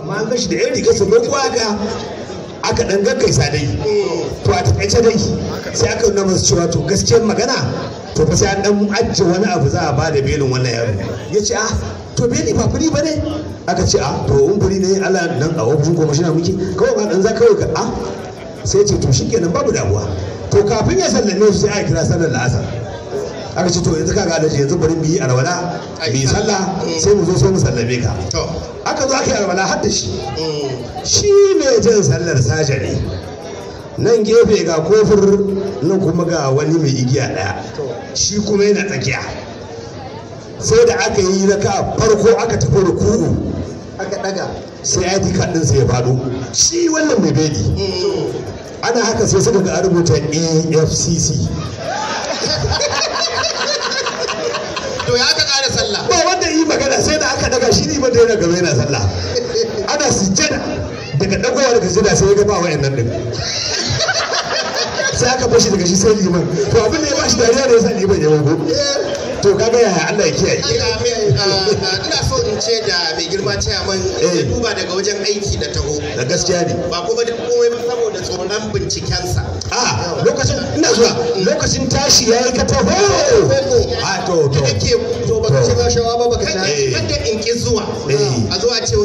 amma an gashi da yan riga su roƙo haka aka dan sa dai to a takaice dai sai aka nuna masu cewa to gaskiyar magana to ba sai an dan ajiye wani abu za a ba da belin wannan yaro ya ce ah to beli ba furi ba ne aka ce ah to in furi ne ala nan a shi na muke kawai ba dan za kawai ka ah sai ce to shikenan babu damuwa to kafin ya sallame su sai a kira sallar la'asar aka ce to yanzu ka ga shi yanzu bari mu yi alwala mu yi sallah eh. sai mu zo sai mu sallame ka aka zo aka yi alwala har da shi mm. shi ne jin sallar sajari nan gefe ga kofur nan kuma ga wani mai igiya daya shi kuma yana tsakiya sai da aka yi na ka farko aka tafi ruku'u aka daga sai ya dika kaɗin sai ya faɗo shi wannan mai beli mm. ana haka sai suka ga rubuta efcc to ya ka kara sallah ba wanda yi magana sai da aka daga shi ne ba da yana gaba yana sallah ana sujjada daga dagowa daga sujjada sai ya ga ba wayannan din sai aka bashi daga shi sai liman to abin da ya bashi dariya ne ya sa liman ya wago to kaga yaya Allah ya kiyaye ah, ah, ina so in ce da mai girma chairman ya eh. duba daga wajen aiki da taho da gaskiya ne ba kuma da komai ba saboda tsoron bincikensa a ah, lokacin ina zuwa lokacin tashi yayi ka taho da kake to ba ka ci rashawa ba ba kada eh. kada in ki zuwa eh. a zuwa ce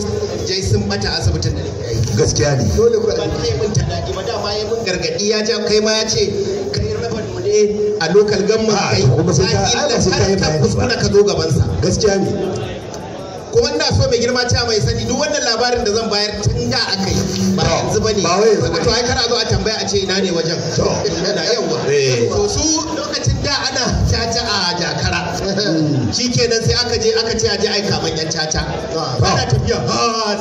jai sun bata asibitin da nake gaskiya ne dole ku ba ne mun ta dadi ba dama yayi mun gargadi ya ja kai ma ya ce kai rafa mu ne a local gamma ah, kai kuma sai ka ala sai kai bayani kuskura ka zo gaban sa gaskiya ne kuma ina so mai girma ta mai sani duk wannan labarin da zan bayar tun da aka yi ba yanzu bane to ai kana zo a tambaya a ce ina ne wajen to yawa eh. to su lokacin da ana shi kenan sai aka je aka ce a je ai kaman yan caca ana tafiya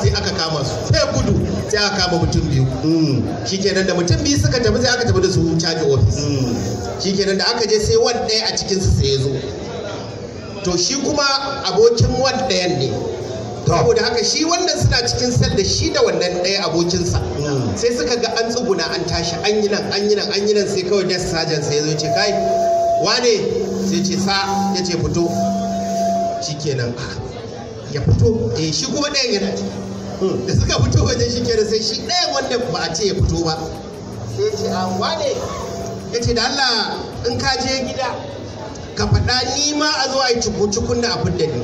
sai aka kama su sai gudu sai aka kama mutum biyu hmm. shi kenan da mutum biyu suka tafi sai aka tafi da su caji ofis hmm. shi kenan da aka je sai wani a cikin su sai ya zo to shi kuma abokin wani yan ne saboda haka shi wannan suna cikin sel da shi da wannan ɗaya abokinsa hmm. sai suka ga an tsuguna an tashi an yi nan an yi nan an yi nan sai kawai desk sergeant sai ya zo ce kai wane sai ce sa ya ce fito shikenan ya fito eh shi kuma ɗayan yana ciki da suka fito wajen shi kenan sai shi ɗayan wanda ba a ce ya fito ba sai ce a ah, wane ya ce da Allah in ka je gida ka faɗa ni ma a zo a yi cuku-cukun da abin da ni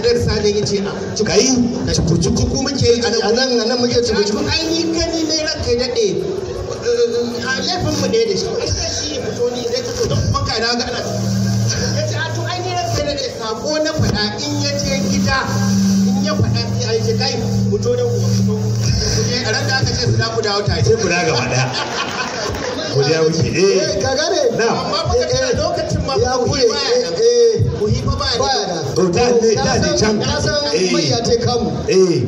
idan sanin ya ce ah, cuku-cuku muke yi a nan a nan muke cuku-cuku an yi gani ne ranka ya daɗe eh, eh, eh, laifin mu ɗaya da shi faɗa in ya ce gida in ya faɗa in yi ce kai fito da ku fito a ran aka ce su da ku dawo tare sai ku da gaba daya ku da wuce eh. eh ka gane na amma fa ka lokacin ma ya wuce eh, eh ku hifa ba da to da ne da ne can eh mai ya ce kamu eh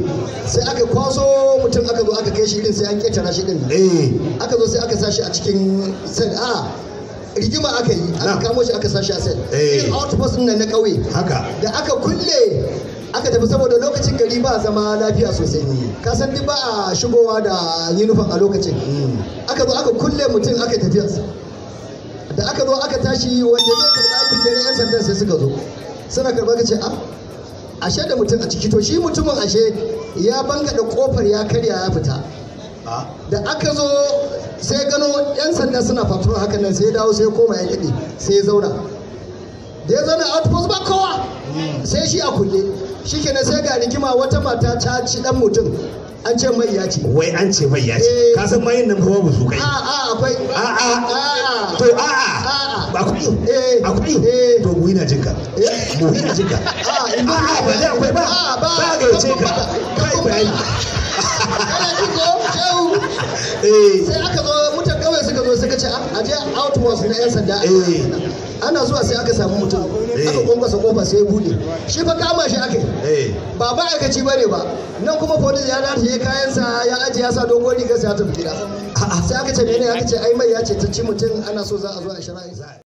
sai aka kwaso mutum aka zo aka kai shi din sai an ketara shi din eh aka zo sai aka sa shi a cikin sai a rigima aka yi aka kamo shi aka sashi a sai eh. irin outpost din nan na kauye haka da aka kulle aka tafi saboda lokacin gari ba zama lafiya sosai ka san duk ba a shigowa da yunifon a lokacin mm. aka zo aka kulle mutum aka tafi da aka zo aka tashi wanda zai karɓa aikin dare yan sanda sai suka zo suna karɓa ka ce a ah, ashe da mutum a ciki to shi mutumin ashe ya banga da kofar ya karya ya fita da aka zo sai gano yan sanda suna fatura hakan nan sai dawo sai koma ya kiɗi sai ya zauna da ya zauna outpost ba kowa sai shi a kulle shi kenan sai ga rigima wata mata ta ci dan mutum an ce mai ya ce wai an ce mai ya ce eh. ka san mayin nan babu su kai a a akwai a a to a a ba kuɗi eh. a kuɗi eh. to buhi na jinka buhi na jinka a a ba akwai ba ba ga yace ka kai bayani Eh. sai aka zo mutan kawai suka zo suka ce ah, a je outpost na yan sanda eh. ana zuwa sai aka samu mutum eh. aka kwankwasa kofa sai bude shi fa kama shi aka ba ba ci bane ba nan kuma polis ya dace kayansa ya ajiye ya sa dogon riga sai ya tafi gida sai aka ce ne aka ce ai mai ya ce ta ci mutum ana so za a zo a shari'a